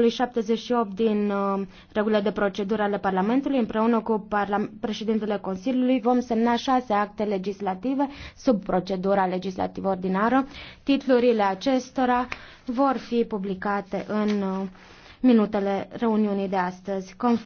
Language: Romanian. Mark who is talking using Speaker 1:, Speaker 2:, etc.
Speaker 1: articolului 78 din uh, regulile de procedură ale Parlamentului, împreună cu parla- președintele Consiliului, vom semna șase acte legislative sub procedura legislativă ordinară. Titlurile acestora vor fi publicate în uh, minutele reuniunii de astăzi.